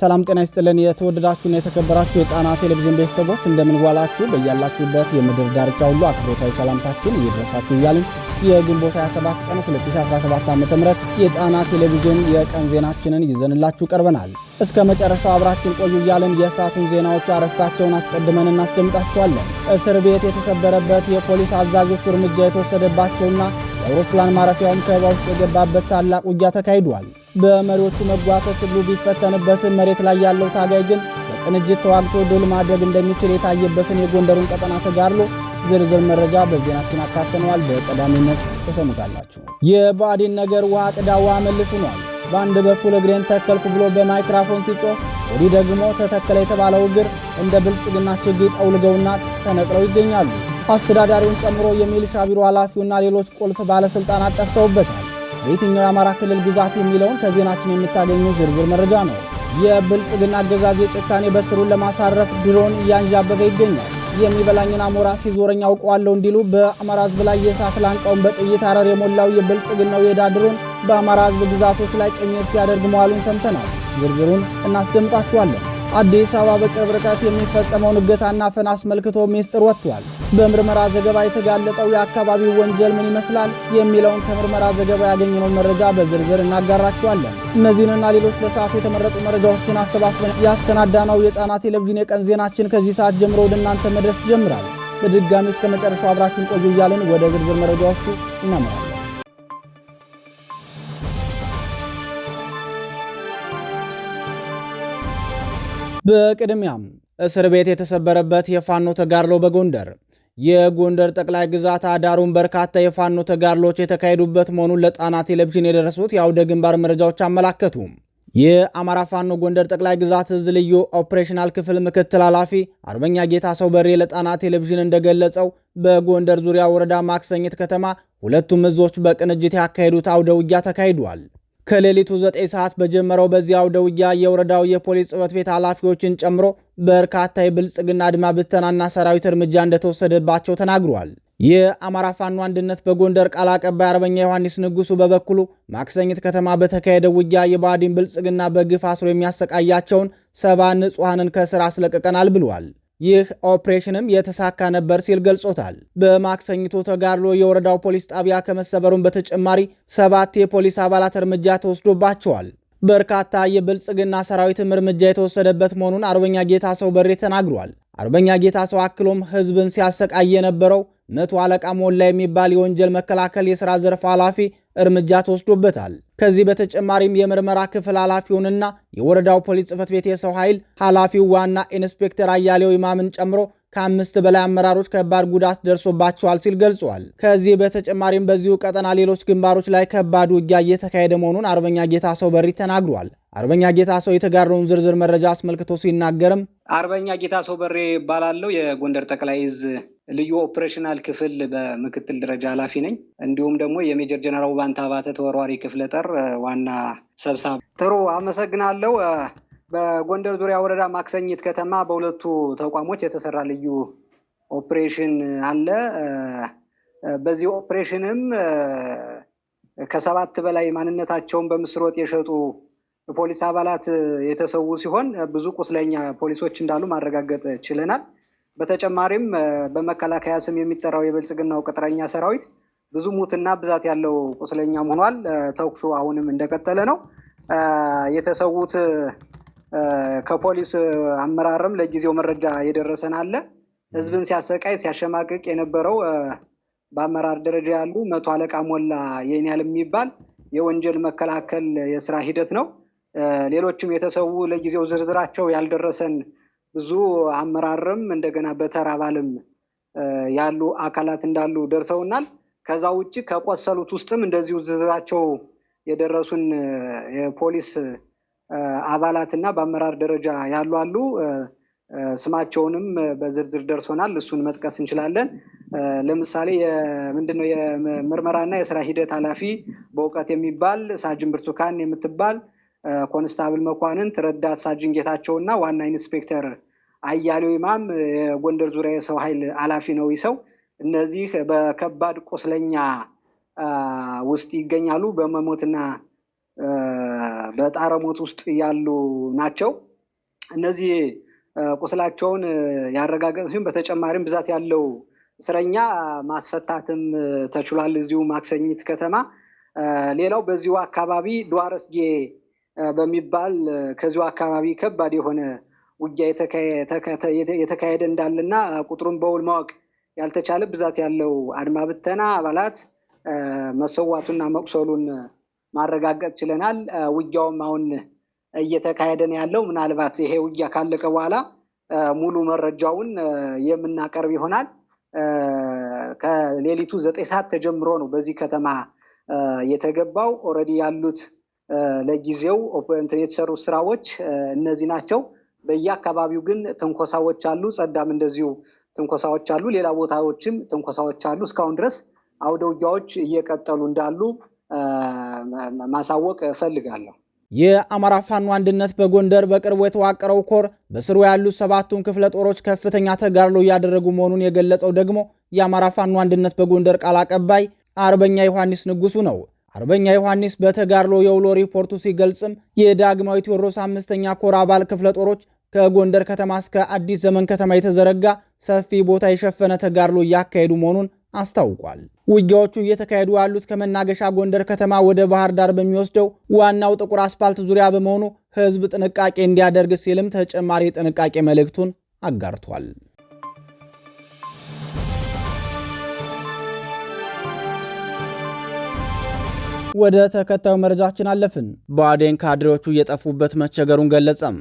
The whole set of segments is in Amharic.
ሰላም ጤና ይስጥልን። የተወደዳችሁና የተከበራችሁ የጣና ቴሌቪዥን ቤተሰቦች እንደምንዋላችሁ፣ በያላችሁበት የምድር ዳርቻ ሁሉ አክብሮታዊ ሰላምታችን እየደረሳችሁ እያልን የግንቦት 27 ቀን 2017 ዓ ም የጣና ቴሌቪዥን የቀን ዜናችንን ይዘንላችሁ ቀርበናል። እስከ መጨረሻው አብራችን ቆዩ እያልን የእሳቱን ዜናዎች አረስታቸውን አስቀድመን እናስደምጣችኋለን። እስር ቤት የተሰበረበት የፖሊስ አዛዦች እርምጃ የተወሰደባቸውና አውሮፕላን ማረፊያውም ከበባ ውስጥ የገባበት ታላቅ ውጊያ ተካሂዷል። በመሪዎቹ መጓተት ሁሉ ቢፈተንበትም መሬት ላይ ያለው ታጋይ ግን በቅንጅት ተዋግቶ ድል ማድረግ እንደሚችል የታየበትን የጎንደሩን ቀጠና ተጋድሎ ዝርዝር መረጃ በዜናችን አካተነዋል። በቀዳሚነት ተሰሙታላችሁ። የባዕድን ነገር ውሃ ቅዳ ውሃ መልስ ሆኗል። በአንድ በኩል እግሬን ተከልኩ ብሎ በማይክራፎን ሲጮህ፣ ወዲህ ደግሞ ተተከለ የተባለው እግር እንደ ብልጽግና ችግኝ ጠውልገውና ተነቅለው ይገኛሉ። አስተዳዳሪውን ጨምሮ የሚሊሻ ቢሮ ኃላፊውና ሌሎች ቁልፍ ባለስልጣናት ጠፍተውበታል። በየትኛው የአማራ ክልል ግዛት የሚለውን ከዜናችን የምታገኙ ዝርዝር መረጃ ነው። የብልጽግና አገዛዝ የጭካኔ በትሩን ለማሳረፍ ድሮን እያንዣበበ ይገኛል። የሚበላኝን አሞራ ሲዞረኝ አውቀዋለሁ እንዲሉ በአማራ ሕዝብ ላይ የእሳት ላንቃውን በጥይት አረር የሞላው የብልጽግናው የዳ ድሮን በአማራ ሕዝብ ግዛቶች ላይ ቅኝት ሲያደርግ መዋሉን ሰምተናል። ዝርዝሩን እናስደምጣችኋለን። አዲስ አበባ በቅርብ ርቀት የሚፈጸመውን እገታና አፈና አስመልክቶ ሚስጥር ወጥቷል። በምርመራ ዘገባ የተጋለጠው የአካባቢው ወንጀል ምን ይመስላል የሚለውን ከምርመራ ዘገባ ያገኘነውን መረጃ በዝርዝር እናጋራችኋለን። እነዚህንና ሌሎች ለሰዓቱ የተመረጡ መረጃዎችን አሰባስበን ያሰናዳነው የጣና ቴሌቪዥን የቀን ዜናችን ከዚህ ሰዓት ጀምሮ ወደ እናንተ መድረስ ጀምራል። በድጋሚ እስከ መጨረሻው አብራችን ቆዩ እያልን ወደ ዝርዝር መረጃዎቹ እናመራለን። በቅድሚያም እስር ቤት የተሰበረበት የፋኖ ተጋድሎ በጎንደር የጎንደር ጠቅላይ ግዛት አዳሩን በርካታ የፋኖ ተጋድሎች የተካሄዱበት መሆኑን ለጣና ቴሌቪዥን የደረሱት የአውደ ግንባር መረጃዎች አመላከቱ። የአማራ ፋኖ ጎንደር ጠቅላይ ግዛት እዝ ልዩ ኦፕሬሽናል ክፍል ምክትል ኃላፊ አርበኛ ጌታ ሰው በሬ ለጣና ቴሌቪዥን እንደገለጸው በጎንደር ዙሪያ ወረዳ ማክሰኝት ከተማ ሁለቱም እዞች በቅንጅት ያካሄዱት አውደ ውጊያ ተካሂዷል። ከሌሊቱ 9 ሰዓት በጀመረው በዚህ አውደ ውጊያ የወረዳው የፖሊስ ጽህፈት ቤት ኃላፊዎችን ጨምሮ በርካታ የብልጽግና አድማ ብተናና ሰራዊት እርምጃ እንደተወሰደባቸው ተናግሯል። የአማራ ፋኖ አንድነት በጎንደር ቃል አቀባይ አርበኛ ዮሐንስ ንጉሱ በበኩሉ ማክሰኝት ከተማ በተካሄደው ውጊያ የባዲን ብልጽግና በግፍ አስሮ የሚያሰቃያቸውን ሰባ ንጹሐንን ከስራ አስለቅቀናል ብሏል። ይህ ኦፕሬሽንም የተሳካ ነበር ሲል ገልጾታል። በማክሰኝቶ ተጋድሎ የወረዳው ፖሊስ ጣቢያ ከመሰበሩን በተጨማሪ ሰባት የፖሊስ አባላት እርምጃ ተወስዶባቸዋል። በርካታ የብልጽግና ሰራዊትም እርምጃ የተወሰደበት መሆኑን አርበኛ ጌታ ሰው በሬ ተናግሯል። አርበኛ ጌታ ሰው አክሎም ህዝብን ሲያሰቃይ የነበረው መቶ አለቃ ሞላ የሚባል የወንጀል መከላከል የሥራ ዘርፍ ኃላፊ እርምጃ ተወስዶበታል። ከዚህ በተጨማሪም የምርመራ ክፍል ኃላፊውንና የወረዳው ፖሊስ ጽፈት ቤት የሰው ኃይል ኃላፊው ዋና ኢንስፔክተር አያሌው ኢማምን ጨምሮ ከአምስት በላይ አመራሮች ከባድ ጉዳት ደርሶባቸዋል ሲል ገልጿል። ከዚህ በተጨማሪም በዚሁ ቀጠና ሌሎች ግንባሮች ላይ ከባድ ውጊያ እየተካሄደ መሆኑን አርበኛ ጌታ ሰው በሪ ተናግሯል። አርበኛ ጌታ ሰው የተጋረውን ዝርዝር መረጃ አስመልክቶ ሲናገርም አርበኛ ጌታ ሰው በሬ ይባላለው የጎንደር ጠቅላይ ዝ ልዩ ኦፕሬሽናል ክፍል በምክትል ደረጃ ኃላፊ ነኝ። እንዲሁም ደግሞ የሜጀር ጀነራል ባንታ ባተ ተወርዋሪ ክፍለ ጦር ዋና ሰብሳቢ። ጥሩ አመሰግናለሁ። በጎንደር ዙሪያ ወረዳ ማክሰኝት ከተማ በሁለቱ ተቋሞች የተሰራ ልዩ ኦፕሬሽን አለ። በዚህ ኦፕሬሽንም ከሰባት በላይ ማንነታቸውን በምስር ወጥ የሸጡ ፖሊስ አባላት የተሰዉ ሲሆን ብዙ ቁስለኛ ፖሊሶች እንዳሉ ማረጋገጥ ችለናል። በተጨማሪም በመከላከያ ስም የሚጠራው የብልጽግናው ቅጥረኛ ሰራዊት ብዙ ሙትና ብዛት ያለው ቁስለኛም ሆኗል። ተኩሱ አሁንም እንደቀጠለ ነው። የተሰዉት ከፖሊስ አመራርም ለጊዜው መረጃ የደረሰን አለ። ህዝብን ሲያሰቃይ ሲያሸማቅቅ የነበረው በአመራር ደረጃ ያሉ መቶ አለቃ ሞላ የኒያል የሚባል የወንጀል መከላከል የስራ ሂደት ነው። ሌሎችም የተሰዉ ለጊዜው ዝርዝራቸው ያልደረሰን ብዙ አመራርም እንደገና በተራ ያሉ አካላት እንዳሉ ደርሰውናል። ከዛ ውጭ ከቆሰሉት ውስጥም እንደዚሁ ዝዛቸው የደረሱን የፖሊስ አባላት እና በአመራር ደረጃ ያሉ አሉ። ስማቸውንም በዝርዝር ደርሶናል። እሱን መጥቀስ እንችላለን። ለምሳሌ ምንድነው የምርመራና የስራ ሂደት ኃላፊ በእውቀት የሚባል ሳጅን ብርቱካን የምትባል ኮንስታብል መኳንንት፣ ረዳት ሳጅን እና ዋና ኢንስፔክተር አያሌው ኢማም የጎንደር ዙሪያ የሰው ኃይል ኃላፊ ነው ይሰው እነዚህ በከባድ ቁስለኛ ውስጥ ይገኛሉ። በመሞትና በጣረሞት ውስጥ ያሉ ናቸው። እነዚህ ቁስላቸውን ያረጋገጥ ሲሆን በተጨማሪም ብዛት ያለው እስረኛ ማስፈታትም ተችሏል። እዚሁ ማክሰኝት ከተማ ሌላው በዚሁ አካባቢ ዱዋረስጌ በሚባል ከዚሁ አካባቢ ከባድ የሆነ ውጊያ የተካሄደ እንዳለና ቁጥሩን በውል ማወቅ ያልተቻለ ብዛት ያለው አድማ ብተና አባላት መሰዋቱና መቁሰሉን ማረጋገጥ ችለናል። ውጊያውም አሁን እየተካሄደን ያለው። ምናልባት ይሄ ውጊያ ካለቀ በኋላ ሙሉ መረጃውን የምናቀርብ ይሆናል። ከሌሊቱ ዘጠኝ ሰዓት ተጀምሮ ነው በዚህ ከተማ የተገባው። ኦልሬዲ ያሉት ለጊዜው እንትን የተሰሩ ስራዎች እነዚህ ናቸው። በየአካባቢው ግን ትንኮሳዎች አሉ። ጸዳም እንደዚሁ ትንኮሳዎች አሉ። ሌላ ቦታዎችም ትንኮሳዎች አሉ። እስካሁን ድረስ አውደ ውጊያዎች እየቀጠሉ እንዳሉ ማሳወቅ እፈልጋለሁ። የአማራ ፋኖ አንድነት በጎንደር በቅርቡ የተዋቀረው ኮር በስሩ ያሉት ሰባቱን ክፍለ ጦሮች ከፍተኛ ተጋድሎ እያደረጉ መሆኑን የገለጸው ደግሞ የአማራ ፋኖ አንድነት በጎንደር ቃል አቀባይ አርበኛ ዮሐንስ ንጉሱ ነው። አርበኛ ዮሐንስ በተጋድሎ የውሎ ሪፖርቱ ሲገልጽም የዳግማዊ ቴዎድሮስ አምስተኛ ኮር አባል ክፍለ ጦሮች ከጎንደር ከተማ እስከ አዲስ ዘመን ከተማ የተዘረጋ ሰፊ ቦታ የሸፈነ ተጋድሎ እያካሄዱ መሆኑን አስታውቋል። ውጊያዎቹ እየተካሄዱ ያሉት ከመናገሻ ጎንደር ከተማ ወደ ባህር ዳር በሚወስደው ዋናው ጥቁር አስፓልት ዙሪያ በመሆኑ ሕዝብ ጥንቃቄ እንዲያደርግ ሲልም ተጨማሪ ጥንቃቄ መልእክቱን አጋርቷል። ወደ ተከታዩ መረጃችን አለፍን። ብአዴን ካድሬዎቹ እየጠፉበት መቸገሩን ገለጸም።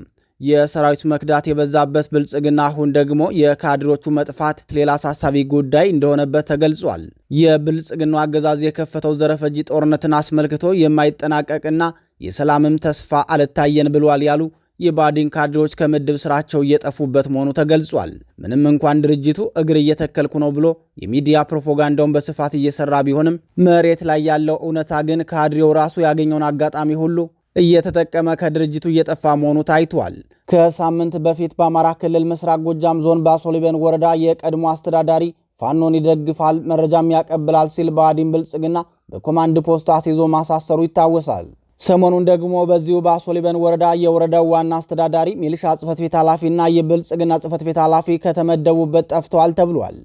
የሰራዊት መክዳት የበዛበት ብልጽግና አሁን ደግሞ የካድሬዎቹ መጥፋት ሌላ አሳሳቢ ጉዳይ እንደሆነበት ተገልጿል። የብልጽግናው አገዛዝ የከፈተው ዘረፈጂ ጦርነትን አስመልክቶ የማይጠናቀቅና የሰላምም ተስፋ አልታየን ብሏል ያሉ የባዲን ካድሬዎች ከምድብ ስራቸው እየጠፉበት መሆኑ ተገልጿል። ምንም እንኳን ድርጅቱ እግር እየተከልኩ ነው ብሎ የሚዲያ ፕሮፓጋንዳውን በስፋት እየሰራ ቢሆንም መሬት ላይ ያለው እውነታ ግን ካድሬው ራሱ ያገኘውን አጋጣሚ ሁሉ እየተጠቀመ ከድርጅቱ እየጠፋ መሆኑ ታይቷል። ከሳምንት በፊት በአማራ ክልል ምስራቅ ጎጃም ዞን በአሶሊበን ወረዳ የቀድሞ አስተዳዳሪ ፋኖን ይደግፋል፣ መረጃም ያቀብላል ሲል ብአዴን ብልጽግና በኮማንድ ፖስት አስይዞ ማሳሰሩ ይታወሳል። ሰሞኑን ደግሞ በዚሁ በአሶሊበን ወረዳ የወረዳው ዋና አስተዳዳሪ ሚሊሻ ጽፈት ቤት ኃላፊና የብልጽግና ጽፈት ቤት ኃላፊ ከተመደቡበት ጠፍተዋል ተብሏል።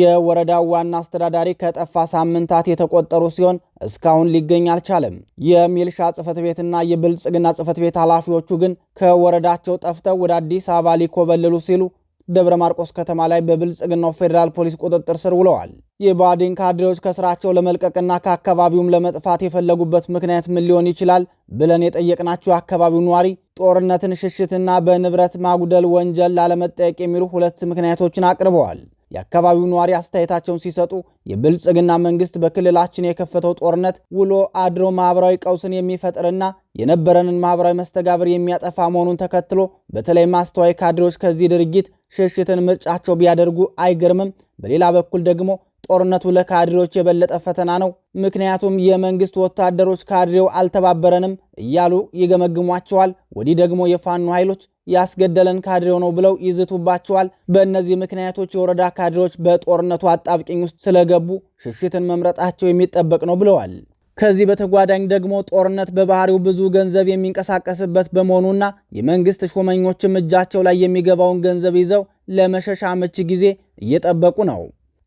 የወረዳው ዋና አስተዳዳሪ ከጠፋ ሳምንታት የተቆጠሩ ሲሆን እስካሁን ሊገኝ አልቻለም። የሚልሻ ጽፈት ቤትና የብልጽግና ጽፈት ቤት ኃላፊዎቹ ግን ከወረዳቸው ጠፍተው ወደ አዲስ አበባ ሊኮበልሉ ሲሉ ደብረ ማርቆስ ከተማ ላይ በብልጽግናው ፌዴራል ፖሊስ ቁጥጥር ስር ውለዋል። የባዴን ካድሬዎች ከስራቸው ለመልቀቅና ከአካባቢውም ለመጥፋት የፈለጉበት ምክንያት ምን ሊሆን ይችላል ብለን የጠየቅናቸው የአካባቢው ነዋሪ ጦርነትን፣ ሽሽትና በንብረት ማጉደል ወንጀል ላለመጠየቅ የሚሉ ሁለት ምክንያቶችን አቅርበዋል። የአካባቢው ነዋሪ አስተያየታቸውን ሲሰጡ የብልጽግና መንግስት በክልላችን የከፈተው ጦርነት ውሎ አድሮ ማህበራዊ ቀውስን የሚፈጥርና የነበረንን ማህበራዊ መስተጋብር የሚያጠፋ መሆኑን ተከትሎ በተለይ ማስተዋይ ካድሬዎች ከዚህ ድርጊት ሽሽትን ምርጫቸው ቢያደርጉ አይገርምም። በሌላ በኩል ደግሞ ጦርነቱ ለካድሬዎች የበለጠ ፈተና ነው፣ ምክንያቱም የመንግስት ወታደሮች ካድሬው አልተባበረንም እያሉ ይገመግሟቸዋል። ወዲህ ደግሞ የፋኖ ኃይሎች ያስገደለን ካድሬው ነው ብለው ይዝቱባቸዋል። በእነዚህ ምክንያቶች የወረዳ ካድሬዎች በጦርነቱ አጣብቂኝ ውስጥ ስለገቡ ሽሽትን መምረጣቸው የሚጠበቅ ነው ብለዋል። ከዚህ በተጓዳኝ ደግሞ ጦርነት በባህሪው ብዙ ገንዘብ የሚንቀሳቀስበት በመሆኑና የመንግስት ሹመኞችም እጃቸው ላይ የሚገባውን ገንዘብ ይዘው ለመሸሻ አመቺ ጊዜ እየጠበቁ ነው።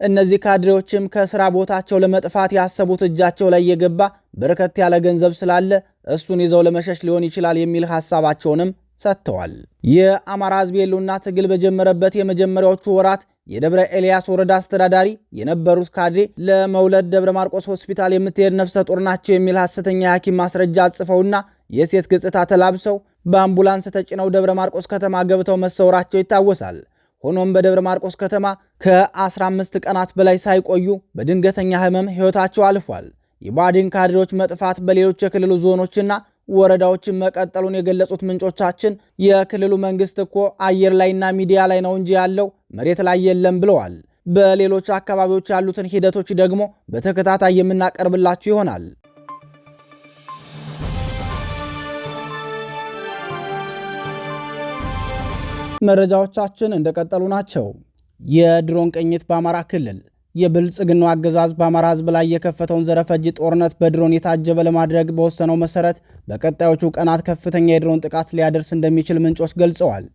እነዚህ ካድሬዎችም ከስራ ቦታቸው ለመጥፋት ያሰቡት እጃቸው ላይ የገባ በርከት ያለ ገንዘብ ስላለ እሱን ይዘው ለመሸሽ ሊሆን ይችላል የሚል ሐሳባቸውንም ሰጥተዋል። የአማራ ሕዝብ የሉና ትግል በጀመረበት የመጀመሪያዎቹ ወራት የደብረ ኤልያስ ወረዳ አስተዳዳሪ የነበሩት ካድሬ ለመውለድ ደብረ ማርቆስ ሆስፒታል የምትሄድ ነፍሰ ጡር ናቸው የሚል ሐሰተኛ የሐኪም ማስረጃ አጽፈውና የሴት ገጽታ ተላብሰው በአምቡላንስ ተጭነው ደብረ ማርቆስ ከተማ ገብተው መሰወራቸው ይታወሳል። ሆኖም በደብረ ማርቆስ ከተማ ከ15 ቀናት በላይ ሳይቆዩ በድንገተኛ ህመም ህይወታቸው አልፏል። የባዴን ካድሬዎች መጥፋት በሌሎች የክልሉ ዞኖችና ወረዳዎችን መቀጠሉን የገለጹት ምንጮቻችን የክልሉ መንግስት እኮ አየር ላይና ሚዲያ ላይ ነው እንጂ ያለው መሬት ላይ የለም ብለዋል። በሌሎች አካባቢዎች ያሉትን ሂደቶች ደግሞ በተከታታይ የምናቀርብላችሁ ይሆናል። መረጃዎቻችን እንደቀጠሉ ናቸው። የድሮን ቅኝት በአማራ ክልል የብልጽግናው አገዛዝ በአማራ ሕዝብ ላይ የከፈተውን ዘረፈጅ ጦርነት በድሮን የታጀበ ለማድረግ በወሰነው መሰረት በቀጣዮቹ ቀናት ከፍተኛ የድሮን ጥቃት ሊያደርስ እንደሚችል ምንጮች ገልጸዋል።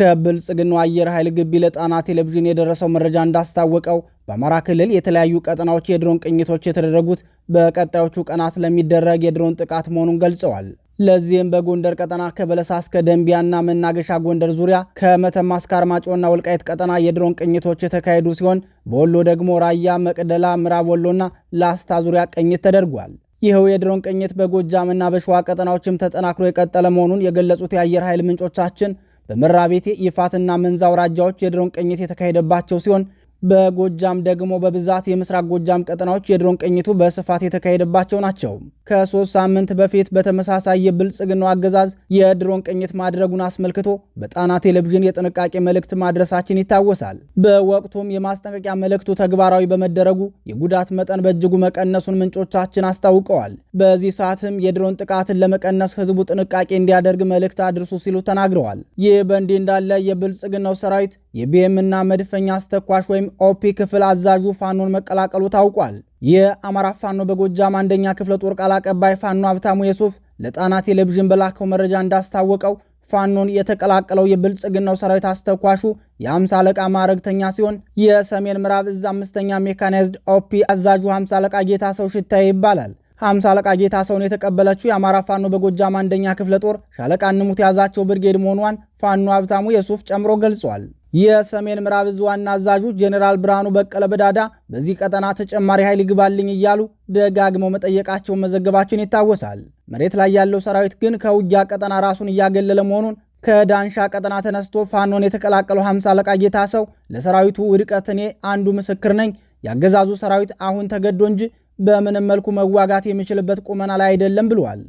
ከብልጽግናው አየር ኃይል ግቢ ለጣና ቴሌቪዥን የደረሰው መረጃ እንዳስታወቀው በአማራ ክልል የተለያዩ ቀጠናዎች የድሮን ቅኝቶች የተደረጉት በቀጣዮቹ ቀናት ለሚደረግ የድሮን ጥቃት መሆኑን ገልጸዋል። ለዚህም በጎንደር ቀጠና ከበለሳ እስከ ደንቢያና መናገሻ ጎንደር ዙሪያ ከመተማ እስከ አርማጮና ወልቃይት ቀጠና የድሮን ቅኝቶች የተካሄዱ ሲሆን በወሎ ደግሞ ራያ፣ መቅደላ፣ ምዕራብ ወሎና ላስታ ዙሪያ ቅኝት ተደርጓል። ይኸው የድሮን ቅኝት በጎጃምና በሸዋ ቀጠናዎችም ተጠናክሮ የቀጠለ መሆኑን የገለጹት የአየር ኃይል ምንጮቻችን በመራቤቴ፣ ይፋትና መንዛ አውራጃዎች የድሮን ቅኝት የተካሄደባቸው ሲሆን በጎጃም ደግሞ በብዛት የምስራቅ ጎጃም ቀጠናዎች የድሮን ቅኝቱ በስፋት የተካሄደባቸው ናቸው። ከሶስት ሳምንት በፊት በተመሳሳይ የብልጽግናው አገዛዝ የድሮን ቅኝት ማድረጉን አስመልክቶ በጣና ቴሌቪዥን የጥንቃቄ መልእክት ማድረሳችን ይታወሳል። በወቅቱም የማስጠንቀቂያ መልእክቱ ተግባራዊ በመደረጉ የጉዳት መጠን በእጅጉ መቀነሱን ምንጮቻችን አስታውቀዋል። በዚህ ሰዓትም የድሮን ጥቃትን ለመቀነስ ህዝቡ ጥንቃቄ እንዲያደርግ መልእክት አድርሱ ሲሉ ተናግረዋል። ይህ በእንዲህ እንዳለ የብልጽግናው ሰራዊት የቢኤም እና መድፈኛ አስተኳሽ ወይም ኦፒ ክፍል አዛዡ ፋኖን መቀላቀሉ ታውቋል። የአማራ ፋኖ በጎጃም አንደኛ ክፍለ ጦር ቃል አቀባይ ፋኖ ሀብታሙ የሱፍ ለጣና ቴሌቪዥን በላከው መረጃ እንዳስታወቀው ፋኖን የተቀላቀለው የብልጽግናው ሰራዊት አስተኳሹ የአምሳ አለቃ ማዕረግተኛ ሲሆን የሰሜን ምዕራብ እዝ አምስተኛ ሜካናይዝድ ኦፒ አዛዡ ሀምሳ አለቃ ጌታ ሰው ሽታዬ ይባላል። ሀምሳ አለቃ ጌታ ሰውን የተቀበለችው የአማራ ፋኖ በጎጃም አንደኛ ክፍለ ጦር ሻለቃ ንሙት የያዛቸው ብርጌድ መሆኗን ፋኖ ሀብታሙ የሱፍ ጨምሮ ገልጿል። የሰሜን ምዕራብ ዕዝ ዋና አዛዦች ጄኔራል ብርሃኑ በቀለ በዳዳ በዚህ ቀጠና ተጨማሪ ኃይል ይግባልኝ እያሉ ደጋግመው መጠየቃቸውን መዘገባችን ይታወሳል። መሬት ላይ ያለው ሰራዊት ግን ከውጊያ ቀጠና ራሱን እያገለለ መሆኑን ከዳንሻ ቀጠና ተነስቶ ፋኖን የተቀላቀለው ሀምሳ አለቃ ጌታ ሰው ለሰራዊቱ ውድቀት እኔ አንዱ ምስክር ነኝ፣ ያገዛዙ ሰራዊት አሁን ተገዶ እንጂ በምንም መልኩ መዋጋት የሚችልበት ቁመና ላይ አይደለም ብለዋል።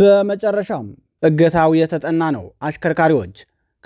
በመጨረሻም እገታው የተጠና ነው። አሽከርካሪዎች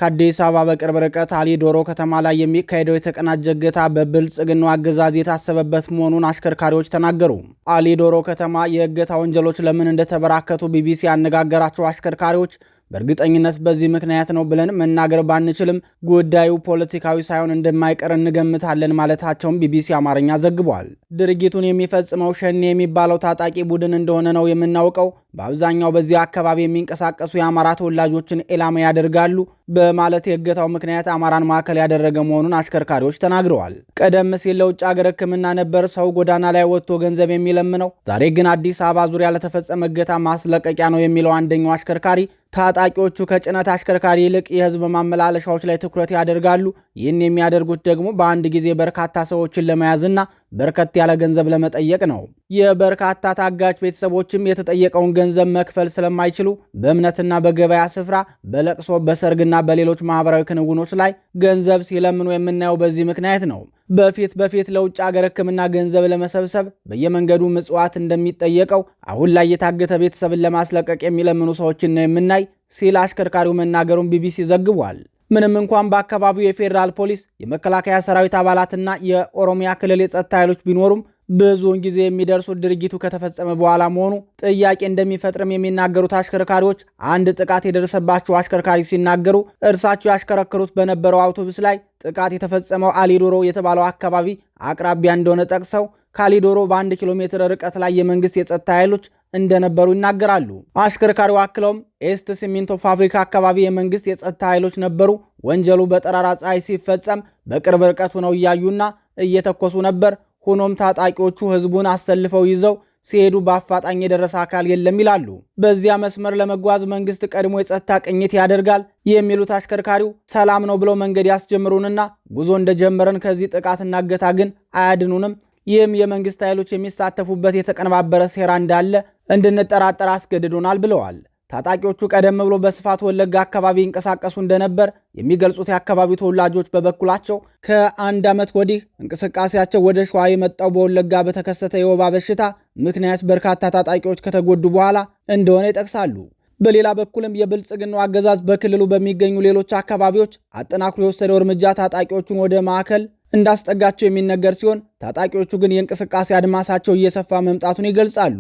ከአዲስ አበባ በቅርብ ርቀት አሊ ዶሮ ከተማ ላይ የሚካሄደው የተቀናጀ እገታ በብልጽግናው አገዛዝ የታሰበበት መሆኑን አሽከርካሪዎች ተናገሩ። አሊ ዶሮ ከተማ የእገታ ወንጀሎች ለምን እንደተበራከቱ ቢቢሲ ያነጋገራቸው አሽከርካሪዎች በእርግጠኝነት በዚህ ምክንያት ነው ብለን መናገር ባንችልም ጉዳዩ ፖለቲካዊ ሳይሆን እንደማይቀር እንገምታለን ማለታቸውን ቢቢሲ አማርኛ ዘግቧል። ድርጊቱን የሚፈጽመው ሸኔ የሚባለው ታጣቂ ቡድን እንደሆነ ነው የምናውቀው። በአብዛኛው በዚህ አካባቢ የሚንቀሳቀሱ የአማራ ተወላጆችን ኢላማ ያደርጋሉ በማለት የእገታው ምክንያት አማራን ማዕከል ያደረገ መሆኑን አሽከርካሪዎች ተናግረዋል። ቀደም ሲል ለውጭ ሀገር ሕክምና ነበር ሰው ጎዳና ላይ ወጥቶ ገንዘብ የሚለምነው። ዛሬ ግን አዲስ አበባ ዙሪያ ለተፈጸመ እገታ ማስለቀቂያ ነው የሚለው አንደኛው አሽከርካሪ ታጣቂዎቹ ከጭነት አሽከርካሪ ይልቅ የህዝብ ማመላለሻዎች ላይ ትኩረት ያደርጋሉ። ይህን የሚያደርጉት ደግሞ በአንድ ጊዜ በርካታ ሰዎችን ለመያዝና በርከት ያለ ገንዘብ ለመጠየቅ ነው። የበርካታ ታጋች ቤተሰቦችም የተጠየቀውን ገንዘብ መክፈል ስለማይችሉ በእምነትና በገበያ ስፍራ፣ በለቅሶ፣ በሰርግና በሌሎች ማህበራዊ ክንውኖች ላይ ገንዘብ ሲለምኑ የምናየው በዚህ ምክንያት ነው። በፊት በፊት ለውጭ አገር ሕክምና ገንዘብ ለመሰብሰብ በየመንገዱ ምጽዋት እንደሚጠየቀው አሁን ላይ የታገተ ቤተሰብን ለማስለቀቅ የሚለምኑ ሰዎችን ነው የምናይ ሲል አሽከርካሪው መናገሩን ቢቢሲ ዘግቧል። ምንም እንኳን በአካባቢው የፌዴራል ፖሊስ የመከላከያ ሰራዊት አባላትና የኦሮሚያ ክልል የጸጥታ ኃይሎች ቢኖሩም ብዙውን ጊዜ የሚደርሱት ድርጊቱ ከተፈጸመ በኋላ መሆኑ ጥያቄ እንደሚፈጥርም የሚናገሩት አሽከርካሪዎች አንድ ጥቃት የደረሰባቸው አሽከርካሪ ሲናገሩ እርሳቸው ያሽከረከሩት በነበረው አውቶቡስ ላይ ጥቃት የተፈጸመው አሊዶሮ የተባለው አካባቢ አቅራቢያ እንደሆነ ጠቅሰው ካሊዶሮ በአንድ ኪሎ ሜትር ርቀት ላይ የመንግስት የጸጥታ ኃይሎች እንደነበሩ ይናገራሉ። አሽከርካሪው አክለውም ኤስት ሲሚንቶ ፋብሪካ አካባቢ የመንግስት የጸጥታ ኃይሎች ነበሩ። ወንጀሉ በጠራራ ፀሐይ ሲፈጸም በቅርብ ርቀት ሆነው እያዩና እየተኮሱ ነበር። ሆኖም ታጣቂዎቹ ህዝቡን አሰልፈው ይዘው ሲሄዱ በአፋጣኝ የደረሰ አካል የለም ይላሉ። በዚያ መስመር ለመጓዝ መንግስት ቀድሞ የጸጥታ ቅኝት ያደርጋል የሚሉት አሽከርካሪው ሰላም ነው ብለው መንገድ ያስጀምሩንና ጉዞ እንደጀመረን ከዚህ ጥቃትና እገታ ግን አያድኑንም ይህም የመንግስት ኃይሎች የሚሳተፉበት የተቀነባበረ ሴራ እንዳለ እንድንጠራጠር አስገድዶናል ብለዋል። ታጣቂዎቹ ቀደም ብሎ በስፋት ወለጋ አካባቢ ይንቀሳቀሱ እንደነበር የሚገልጹት የአካባቢው ተወላጆች በበኩላቸው ከአንድ ዓመት ወዲህ እንቅስቃሴያቸው ወደ ሸዋ የመጣው በወለጋ በተከሰተ የወባ በሽታ ምክንያት በርካታ ታጣቂዎች ከተጎዱ በኋላ እንደሆነ ይጠቅሳሉ። በሌላ በኩልም የብልጽግናው አገዛዝ በክልሉ በሚገኙ ሌሎች አካባቢዎች አጠናክሮ የወሰደው እርምጃ ታጣቂዎቹን ወደ ማዕከል እንዳስጠጋቸው የሚነገር ሲሆን ታጣቂዎቹ ግን የእንቅስቃሴ አድማሳቸው እየሰፋ መምጣቱን ይገልጻሉ።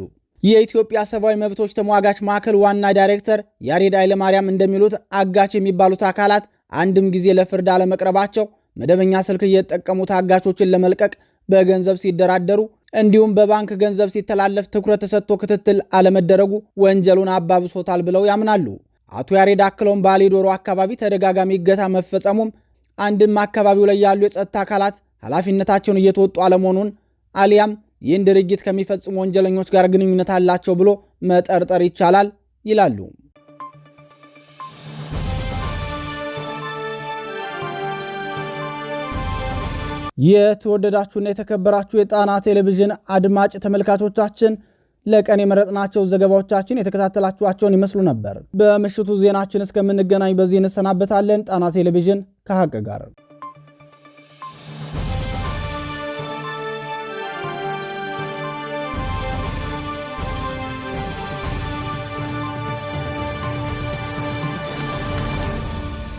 የኢትዮጵያ ሰብአዊ መብቶች ተሟጋች ማዕከል ዋና ዳይሬክተር ያሬድ ኃይለማርያም እንደሚሉት አጋች የሚባሉት አካላት አንድም ጊዜ ለፍርድ አለመቅረባቸው መደበኛ ስልክ እየተጠቀሙት አጋቾችን ለመልቀቅ በገንዘብ ሲደራደሩ እንዲሁም በባንክ ገንዘብ ሲተላለፍ ትኩረት ተሰጥቶ ክትትል አለመደረጉ ወንጀሉን አባብሶታል ብለው ያምናሉ። አቶ ያሬድ አክለውም ባሌ ዶሮ አካባቢ ተደጋጋሚ እገታ መፈጸሙም አንድም አካባቢው ላይ ያሉ የጸጥታ አካላት ኃላፊነታቸውን እየተወጡ አለመሆኑን አሊያም ይህን ድርጊት ከሚፈጽሙ ወንጀለኞች ጋር ግንኙነት አላቸው ብሎ መጠርጠር ይቻላል ይላሉ። የተወደዳችሁና የተከበራችሁ የጣና ቴሌቪዥን አድማጭ ተመልካቾቻችን ለቀን የመረጥናቸው ዘገባዎቻችን የተከታተላችኋቸውን ይመስሉ ነበር። በምሽቱ ዜናችን እስከምንገናኝ በዚህ እንሰናበታለን። ጣና ቴሌቪዥን ከሀቅ ጋር